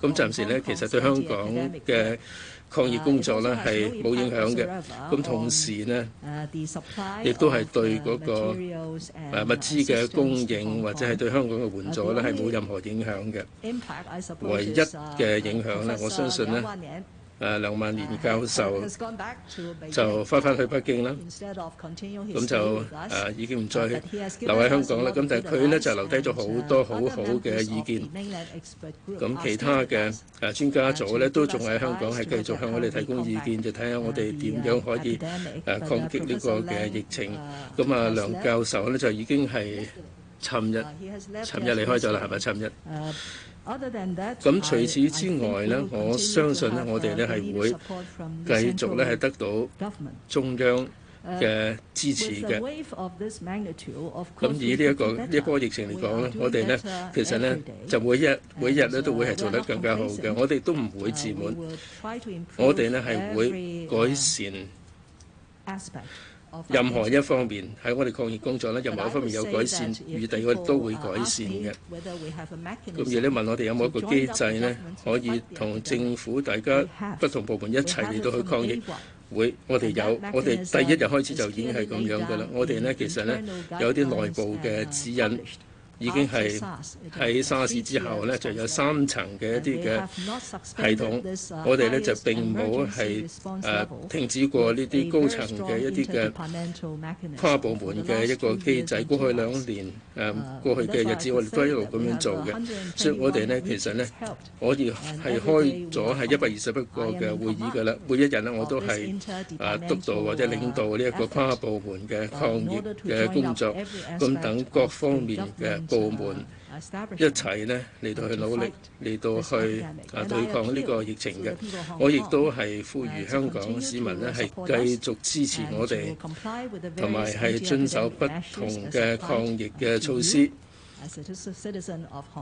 咁暫時咧，其實對香港嘅抗疫工作咧係冇影響嘅。咁同時呢，亦都係對嗰個物資嘅供應或者係對香港嘅援助咧係冇任何影響嘅。唯一嘅影響咧，我相信呢。誒梁萬年教授就返返去北京啦，咁就誒已經唔再留喺香港啦。咁但係佢咧就留低咗好多好好嘅意見。咁其他嘅誒專家組咧都仲喺香港，係繼續向我哋提供意見，就睇下我哋點樣可以誒抗擊呢個嘅疫情。咁啊，梁教授咧就已經係尋日尋日離開咗啦，係咪尋日？咁除此之外呢，I, I 我相信呢，我哋呢，係會繼續呢，係得到中央嘅支持嘅。咁、uh, 以呢、這、一個一波 we 疫情嚟講 are 呢，我哋呢，其實呢，就每一每一日呢，都會係做得更加好嘅。我哋都唔會自滿，我哋呢，係會改善。任何一方面喺我哋抗疫工作咧，任何一方面有改善餘地嘅都會改善嘅。咁如你問我哋有冇一個機制咧，so、day, 可以同政府大家 we have 不同部門一齊嚟到去抗疫？會我哋有，that 我哋第一日開始就已經係咁樣噶啦。and 我哋咧 gun 其實咧有啲內部嘅指引。已經係喺沙士之後呢，就有三層嘅一啲嘅系統。我哋呢就並冇係誒停止過呢啲高層嘅一啲嘅跨部門嘅一個機制。過去兩年誒、啊、過去嘅日子，我哋都一路咁樣做嘅。所以我哋呢，其實呢，我哋係開咗係一百二十一個嘅會議㗎喇。每一日呢，我都係啊督導或者領導呢一個跨部門嘅抗疫嘅工作，咁等各方面嘅。部門一齊呢，嚟到去努力，嚟到去啊對抗呢個疫情嘅。我亦都係呼籲香港市民呢，係繼續支持我哋，同埋係遵守不同嘅抗疫嘅措施。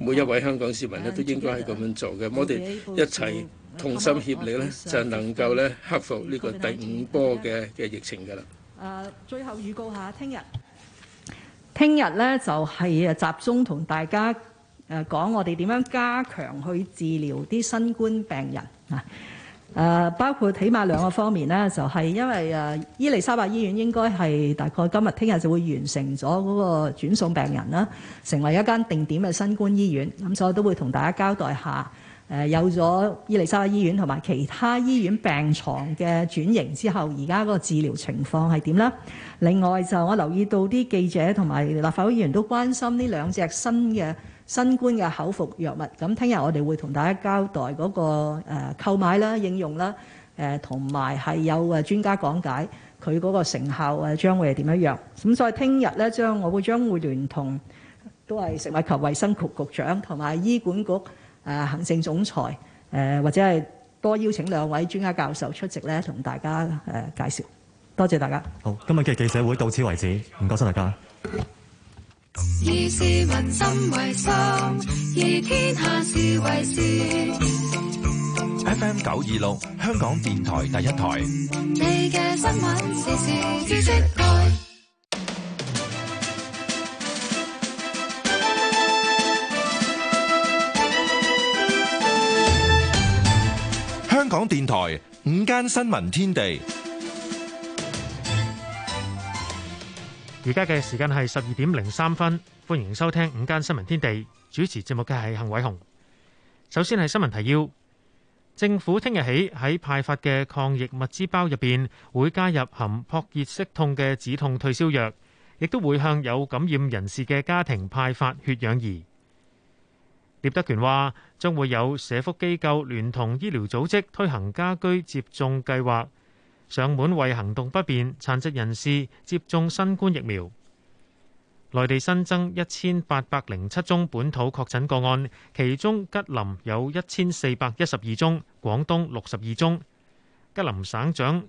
每一位香港市民呢，都應該係咁樣做嘅。我哋一齊同心協力呢，就係能夠呢克服呢個第五波嘅嘅疫情㗎啦。誒，最後預告下，聽日。聽日咧就係誒集中同大家誒講我哋點樣加強去治療啲新冠病人啊，誒包括起碼兩個方面咧，就係、是、因為誒、啊、伊麗莎白醫院應該係大概今日聽日就會完成咗嗰個轉送病人啦，成為一間定點嘅新冠醫院。咁所以都會同大家交代下。誒有咗伊利沙伯醫院同埋其他醫院病床嘅轉型之後，而家嗰個治療情況係點咧？另外就我留意到啲記者同埋立法會議員都關心呢兩隻新嘅新冠嘅口服藥物，咁聽日我哋會同大家交代嗰、那個誒、呃、購買啦、應用啦、誒同埋係有誒專家講解佢嗰個成效誒將會係點樣樣。咁所以聽日咧，將我會將會聯同都係食物及衛生局局長同埋醫管局。誒行政總裁，誒或者係多邀請兩位專家教授出席咧，同大家誒介紹。多謝大家。好，今日嘅記者會到此為止，唔該曬大家。以市民心為心，以天下事為事 F M 九二六，香港電台第一台。你港電台午間新聞天地，而家嘅時間係十二點零三分，歡迎收聽午間新聞天地。主持節目嘅係幸偉雄。首先係新聞提要：政府聽日起喺派發嘅抗疫物資包入邊會加入含撲熱息痛嘅止痛退燒藥，亦都會向有感染人士嘅家庭派發血氧儀。聶德權話，將會有社福機構聯同醫療組織推行家居接種計劃，上門為行動不便殘疾人士接種新冠疫苗。內地新增一千八百零七宗本土確診個案，其中吉林有一千四百一十二宗，廣東六十二宗。吉林省長、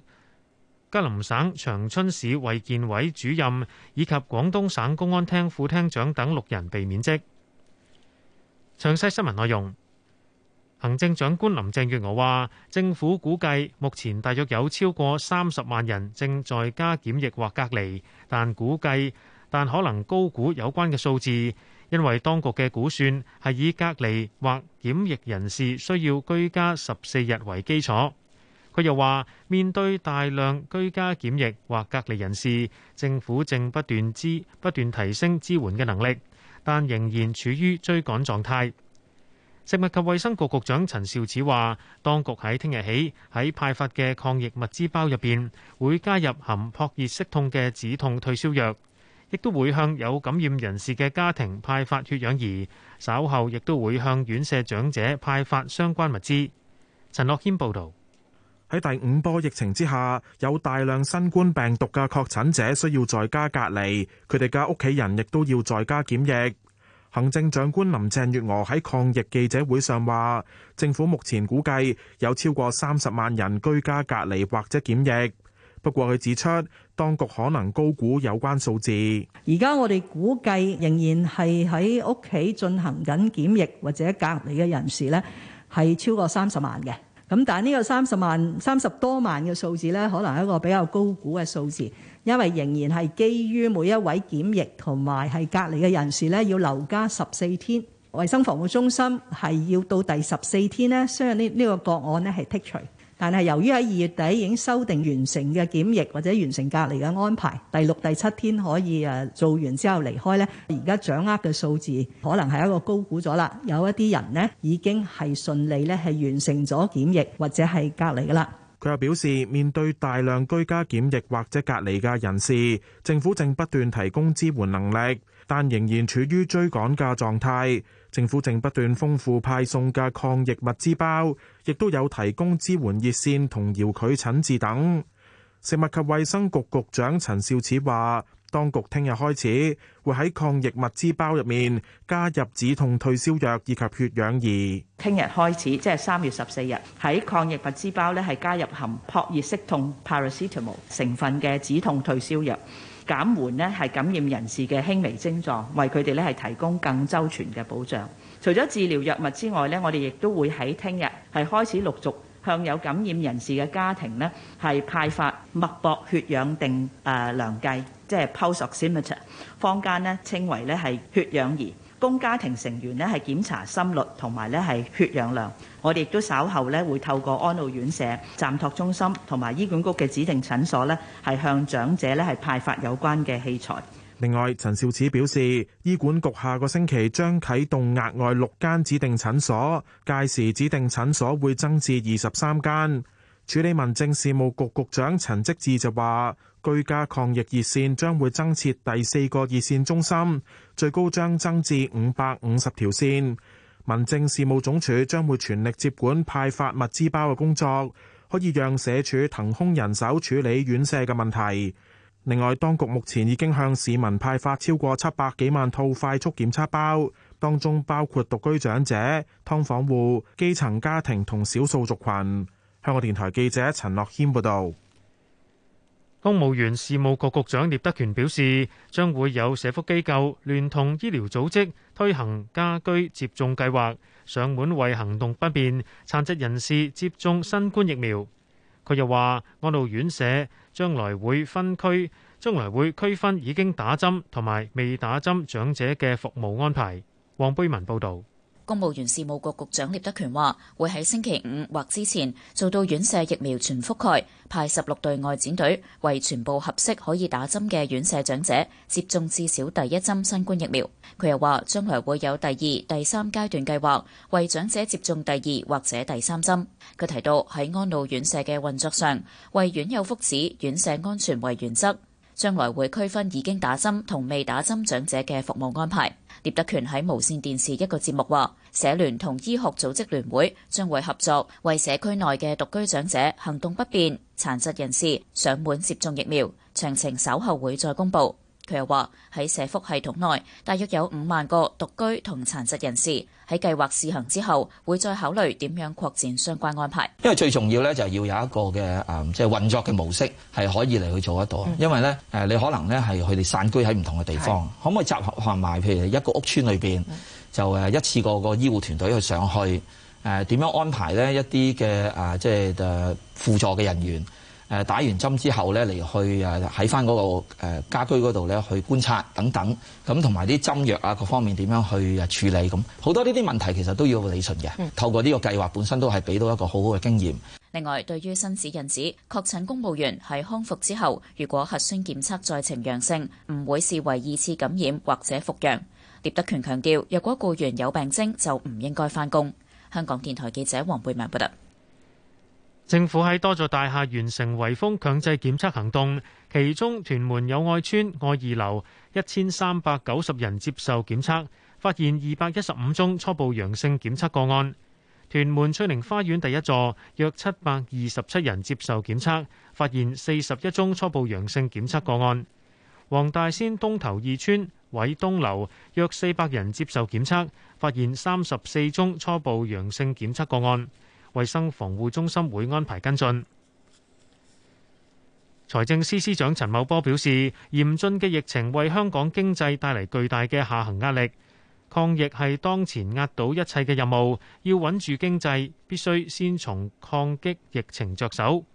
吉林省長春市衛健委主任以及廣東省公安廳副廳長等六人被免職。詳細新聞內容，行政長官林鄭月娥話：政府估計目前大約有超過三十萬人正在家檢疫或隔離，但估計但可能高估有關嘅數字，因為當局嘅估算係以隔離或檢疫人士需要居家十四日為基礎。佢又話：面對大量居家檢疫或隔離人士，政府正不斷支不斷提升支援嘅能力。但仍然處於追趕狀態。食物及衛生局局長陳肇始話，當局喺聽日起喺派發嘅抗疫物資包入邊會加入含撲熱息痛嘅止痛退燒藥，亦都會向有感染人士嘅家庭派發血氧儀，稍後亦都會向院舍長者派發相關物資。陳樂謙報導。喺第五波疫情之下，有大量新冠病毒嘅確診者需要在家隔離，佢哋嘅屋企人亦都要在家檢疫。行政長官林鄭月娥喺抗疫記者會上話，政府目前估計有超過三十萬人居家隔離或者檢疫。不過佢指出當局可能高估有關數字。而家我哋估計仍然係喺屋企進行緊檢疫或者隔離嘅人士咧，係超過三十萬嘅。咁但係呢個三十萬三十多萬嘅數字咧，可能係一個比較高估嘅數字，因為仍然係基於每一位檢疫同埋係隔離嘅人士咧，要留家十四天。衞生防護中心係要到第十四天咧，相信、這個這個、呢呢個個案咧係剔除。但係由於喺二月底已經修訂完成嘅檢疫或者完成隔離嘅安排，第六、第七天可以誒做完之後離開咧。而家掌握嘅數字可能係一個高估咗啦，有一啲人咧已經係順利咧係完成咗檢疫或者係隔離噶啦。佢又表示，面對大量居家檢疫或者隔離嘅人士，政府正不斷提供支援能力，但仍然處於追趕嘅狀態。政府正不斷豐富派送嘅抗疫物資包，亦都有提供支援熱線同遙距診治等。食物及衛生局局長陳肇始話，當局聽日開始會喺抗疫物資包入面加入止痛退燒藥以及血氧儀。聽日開始，即係三月十四日，喺抗疫物資包呢係加入含撲熱息痛 （paracetamol） 成分嘅止痛退燒藥。減緩咧係感染人士嘅輕微症狀，為佢哋咧係提供更周全嘅保障。除咗治療藥物之外咧，我哋亦都會喺聽日係開始陸續向有感染人士嘅家庭咧係派發脈搏血氧定誒量計，即係 pulse oximeter，坊間咧稱為咧係血氧儀。供家庭成員呢，係檢查心率同埋咧係血氧量，我哋亦都稍後呢，會透過安老院舍、暫托中心同埋醫管局嘅指定診所呢，係向長者呢，係派發有關嘅器材。另外，陳肇始表示，醫管局下個星期將啟動額外六間指定診所，屆時指定診所會增至二十三間。處理民政事務局局、局長陳積志就話。居家抗疫熱線將會增設第四個熱線中心，最高將增至五百五十條線，民政事務總署將會全力接管派發物資包嘅工作，可以讓社署騰空人手處理院舍嘅問題，另外，當局目前已經向市民派發超過七百幾萬套快速檢測包，當中包括獨居長者、㓥房戶、基層家庭同少數族群，香港電台記者陳樂謙報道。公務員事務局局長聶德權表示，將會有社福機構聯同醫療組織推行家居接種計劃，上門為行動不便殘疾人士接種新冠疫苗。佢又話，安老院舍將來會分區，將來會區分已經打針同埋未打針長者嘅服務安排。黃貝文報道。公務員事務局局長聶德權話：會喺星期五或之前做到院舍疫苗全覆蓋，派十六隊外展隊為全部合適可以打針嘅院舍長者接種至少第一針新冠疫苗。佢又話：將來會有第二、第三階段計劃，為長者接種第二或者第三針。佢提到喺安老院舍嘅運作上，為院友福祉、院舍安全為原則，將來會區分已經打針同未打針長者嘅服務安排。聶德權喺無線電視一個節目話，社聯同醫學組織聯會將會合作，為社區內嘅獨居長者、行動不便、殘疾人士上門接種疫苗，詳情稍後會再公布。佢又話喺社福系統內，大約有五萬個獨居同殘疾人士喺計劃試行之後，會再考慮點樣擴展相關安排。因為最重要咧，就係要有一個嘅誒，即係運作嘅模式係可以嚟去做得到。嗯、因為咧誒，你可能咧係佢哋散居喺唔同嘅地方，是可唔可以集合埋？譬如一個屋村裏邊、嗯、就誒一次過個醫護團隊去上去誒，點樣安排咧一啲嘅誒，即係誒輔助嘅人員？誒打完針之後呢，嚟去誒喺翻嗰個家居嗰度呢，去觀察等等，咁同埋啲針藥啊各方面點樣去處理咁，好多呢啲問題其實都要理順嘅。透過呢個計劃本身都係俾到一個好好嘅經驗。嗯、另外，對於新指引指，確診公務員喺康復之後，如果核酸檢測再呈陽性，唔會視為二次感染或者復陽。聶德權強調，若果僱員有病徵，就唔應該返工。香港電台記者黃貝曼報道。政府喺多座大廈完成圍封強制檢測行動，其中屯門友愛邨愛二樓一千三百九十人接受檢測，發現二百一十五宗初步陽性檢測個案；屯門翠寧花園第一座約七百二十七人接受檢測，發現四十一宗初步陽性檢測個案；黃大仙東頭二邨偉東樓約四百人接受檢測，發現三十四宗初步陽性檢測個案。衛生防護中心會安排跟進。財政司司長陳茂波表示，嚴峻嘅疫情為香港經濟帶嚟巨大嘅下行壓力，抗疫係當前壓倒一切嘅任務。要穩住經濟，必須先從抗擊疫情着手。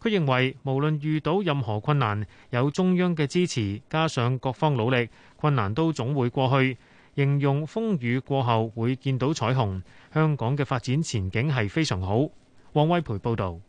佢認為，無論遇到任何困難，有中央嘅支持，加上各方努力，困難都總會過去。形容風雨過後會見到彩虹。香港嘅發展前景係非常好。王威培報導，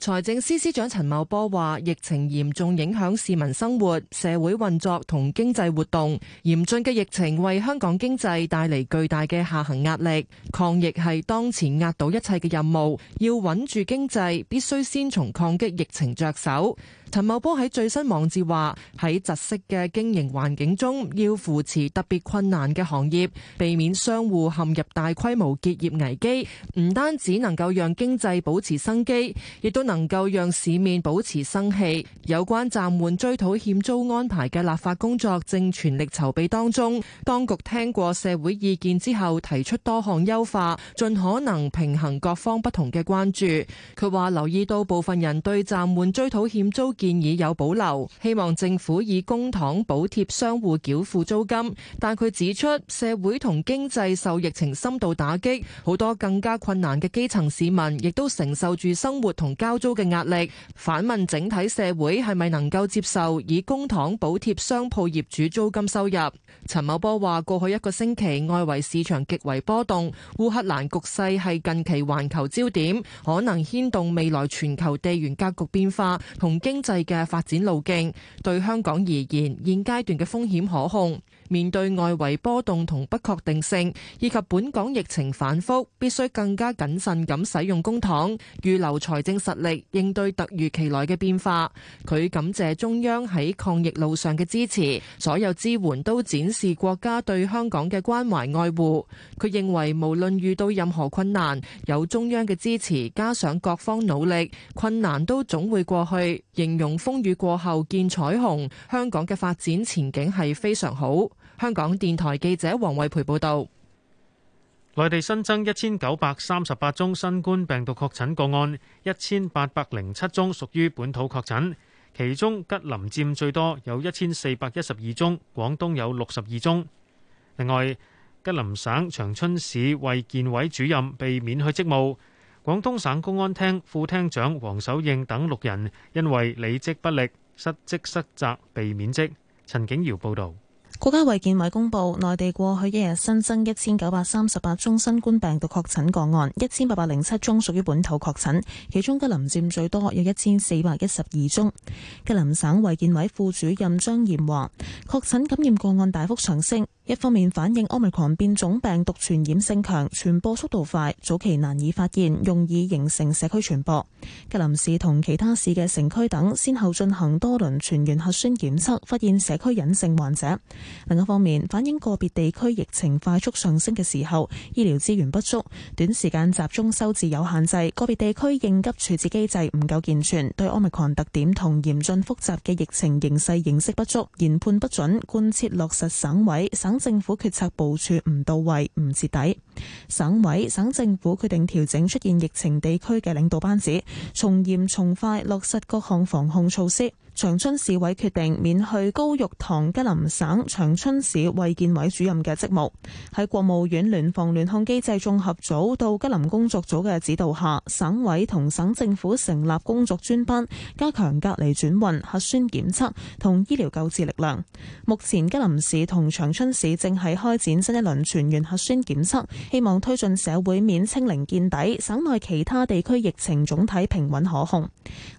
財政司司長陳茂波話：疫情嚴重影響市民生活、社會運作同經濟活動，嚴峻嘅疫情為香港經濟帶嚟巨大嘅下行壓力。抗疫係當前壓倒一切嘅任務，要穩住經濟，必須先從抗擊疫情着手。陳茂波喺最新網誌話：喺窒息嘅經營環境中，要扶持特別困難嘅行業，避免商戶陷入大規模結業危機，唔單止能夠讓經濟保持生機，亦都能夠讓市面保持生氣。有關暫緩追討欠租安排嘅立法工作正全力籌備當中。當局聽過社會意見之後，提出多項優化，盡可能平衡各方不同嘅關注。佢話留意到部分人對暫緩追討欠租。建議有保留，希望政府以公帑補貼商戶繳付租金，但佢指出社會同經濟受疫情深度打擊，好多更加困難嘅基層市民亦都承受住生活同交租嘅壓力。反問整體社會係咪能夠接受以公帑補貼商鋪業主租金收入？陳茂波話：過去一個星期外圍市場極為波動，烏克蘭局勢係近期環球焦點，可能牽動未來全球地緣格局變化同經濟嘅發展路徑，對香港而言，現階段嘅風險可控。面對外圍波動同不確定性，以及本港疫情反覆，必須更加謹慎咁使用公帑，預留財政實力，應對突如其來嘅變化。佢感謝中央喺抗疫路上嘅支持，所有支援都展示國家對香港嘅關懷愛護。佢認為無論遇到任何困難，有中央嘅支持，加上各方努力，困難都總會過去。形容風雨過後見彩虹，香港嘅發展前景係非常好。香港電台記者王慧培報道，內地新增一千九百三十八宗新冠病毒確診個案，一千八百零七宗屬於本土確診，其中吉林佔最多，有一千四百一十二宗；廣東有六十二宗。另外，吉林省長春市衛健委主任被免去職務，廣東省公安廳副廳長黃守應等六人因為履職不力、失職失責被免職。陳景堯報道。國家衛健委公布，內地過去一日新增一千九百三十八宗新冠病毒確診個案，一千八百零七宗屬於本土確診，其中吉林佔最多，有一千四百一十二宗。吉林省衛健委副主任張艷華話：，確診感染個案大幅上升。一方面反映奧密克戎變種病毒傳染性強傳播速度快，早期難以發現，容易形成社區傳播；吉林市同其他市嘅城區等，先後進行多輪全員核酸檢測，發現社區隱性患者。另一方面反映個別地區疫情快速上升嘅時候，醫療資源不足、短時間集中收治有限制，個別地區應急處置機制唔夠健全，對奧密克戎特點同嚴峻複雜嘅疫情形勢認識不足、研判不準，貫徹落實省委省。政府決策部署唔到位、唔徹底，省委、省政府決定調整出現疫情地區嘅領導班子，從嚴從快落實各項防控措施。長春市委決定免去高玉堂吉林省長春市衛健委主任嘅職務。喺國務院聯防聯控機制綜合組到吉林工作組嘅指導下，省委同省政府成立工作專班，加強隔離轉運、核酸檢測同醫療救治力量。目前吉林市同長春市正喺開展新一輪全員核酸檢測，希望推進社會面清零見底。省內其他地區疫情總體平穩可控。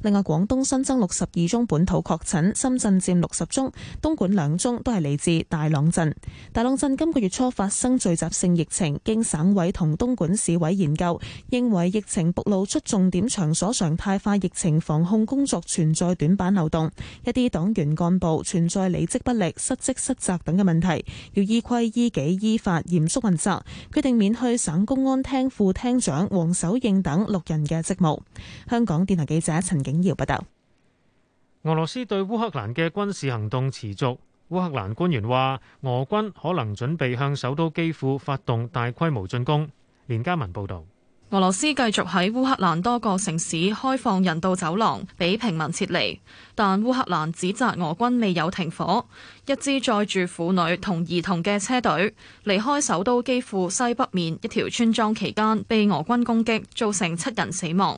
另外，廣東新增六十二宗本土確診，深圳佔六十宗，東莞兩宗都係嚟自大朗鎮。大朗鎮今個月初發生聚集性疫情，經省委同東莞市委研究，認為疫情暴露出重點場所常態化疫情防控工作存在短板漏洞，一啲黨員幹部存在履職不力、失職失責等嘅問題，要依規依紀依法嚴肅問責，決定免去省公安廳副廳長黃守應等六人嘅職務。香港電台記者陳景瑤報道。俄羅斯對烏克蘭嘅軍事行動持續。烏克蘭官員話，俄軍可能準備向首都基輔發動大規模進攻。連家文報道，俄羅斯繼續喺烏克蘭多個城市開放人道走廊，俾平民撤離。但烏克蘭指責俄軍未有停火。一支載住婦女同兒童嘅車隊離開首都基輔西北面一條村莊期間，被俄軍攻擊，造成七人死亡。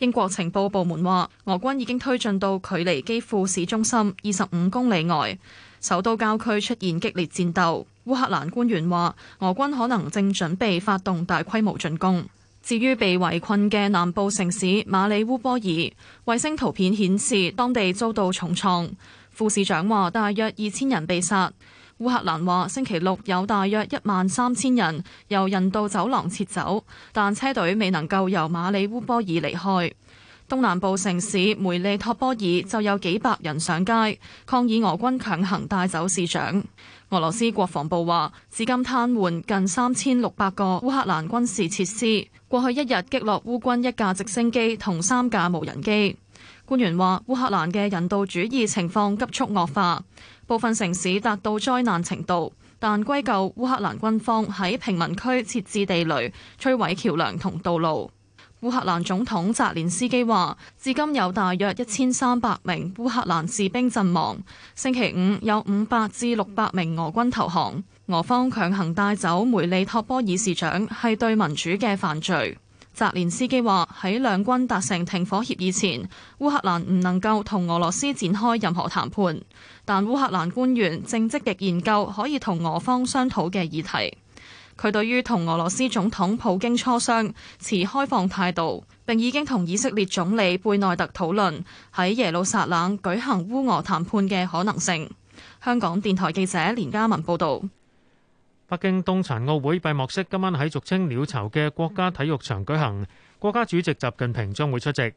英國情報部門話，俄軍已經推進到距離基輔市中心二十五公里外，首都郊區出現激烈戰鬥。烏克蘭官員話，俄軍可能正準備發動大規模進攻。至於被圍困嘅南部城市馬里烏波爾，衛星圖片顯示當地遭到重創。副市長話，大約二千人被殺。烏克蘭話星期六有大約一萬三千人由人道走廊撤走，但車隊未能夠由馬里烏波爾離開。東南部城市梅利托波爾就有幾百人上街抗議俄軍強行帶走市長。俄羅斯國防部話，至今癱瘓近三千六百個烏克蘭軍事設施，過去一日擊落烏軍一架直升機同三架無人機。官員話，烏克蘭嘅人道主義情況急速惡化。部分城市達到災難程度，但歸咎烏克蘭軍方喺平民區設置地雷、摧毀橋樑同道路。烏克蘭總統澤連斯基話，至今有大約一千三百名烏克蘭士兵陣亡，星期五有五百至六百名俄軍投降，俄方強行帶走梅利托波爾市長係對民主嘅犯罪。澤連斯基話，喺兩軍達成停火協議前，烏克蘭唔能夠同俄羅斯展開任何談判。但烏克蘭官員正積極研究可以同俄方商討嘅議題。佢對於同俄羅斯總統普京磋商持開放態度，並已經同以色列總理貝內特討論喺耶路撒冷舉行烏俄談判嘅可能性。香港電台記者連嘉文報道。北京冬殘奧會閉幕式今晚喺俗稱鳥巢嘅國家體育場舉行，國家主席習近平將會出席。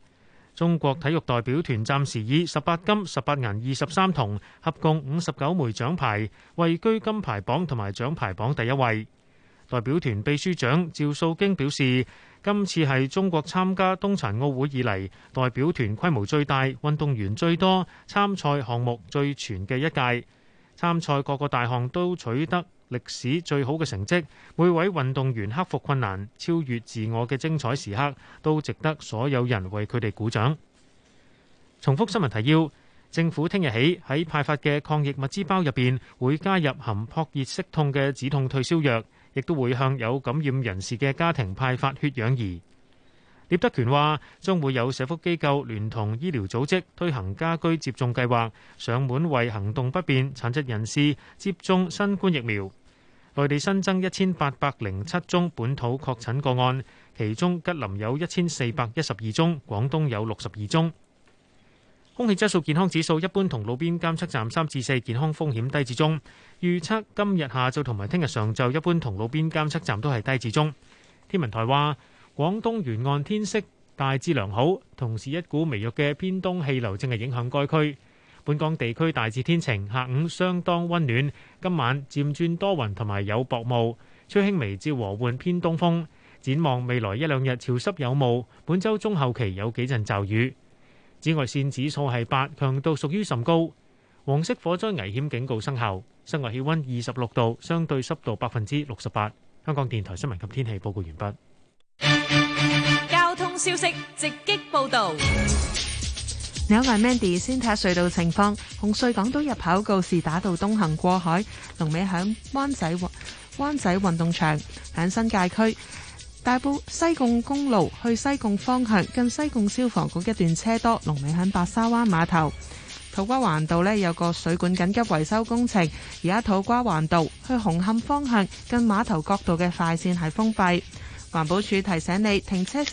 中國體育代表團暫時以十八金、十八銀、二十三銅，合共五十九枚獎牌，位居金牌榜同埋獎牌榜第一位。代表團秘書長趙素京表示，今次係中國參加冬殘奧會以嚟，代表團規模最大、運動員最多、參賽項目最全嘅一屆，參賽各個大項都取得歷史最好嘅成績，每位運動員克服困難、超越自我嘅精彩時刻，都值得所有人為佢哋鼓掌。重複新聞提要：政府聽日起喺派發嘅抗疫物資包入邊會加入含撲熱息痛嘅止痛退燒藥，亦都會向有感染人士嘅家庭派發血氧儀。聶德權話，將會有社福機構聯同醫療組織推行家居接種計劃，上門為行動不便殘疾人士接種新冠疫苗。內地新增一千八百零七宗本土確診個案，其中吉林有一千四百一十二宗，廣東有六十二宗。空氣質素健康指數一般同路邊監測站三至四，健康風險低至中。預測今日下晝同埋聽日上晝一般同路邊監測站都係低至中。天文台話，廣東沿岸天色大致良好，同時一股微弱嘅偏東氣流正係影響該區。本港地區大致天晴，下午相當溫暖，今晚漸轉多雲同埋有薄霧，吹輕微至和緩偏東風。展望未來一兩日潮濕有霧，本週中後期有幾陣驟雨。紫外線指數係八，強度屬於甚高。黃色火災危險警告生效。室外氣溫二十六度，相對濕度百分之六十八。香港電台新聞及天氣報告完畢。交通消息直擊報導。有埋 Mandy 先睇下隧道情況，紅隧港島入口告士打道東行過海，龍尾響灣仔灣仔運動場響新界區；大埔西貢公路去西貢方向近西貢消防局一段車多，龍尾響白沙灣碼頭；土瓜灣道呢有個水管緊急維修工程，而家土瓜灣道去紅磡方向近碼頭角道嘅快線係封閉。環保署提醒你停車。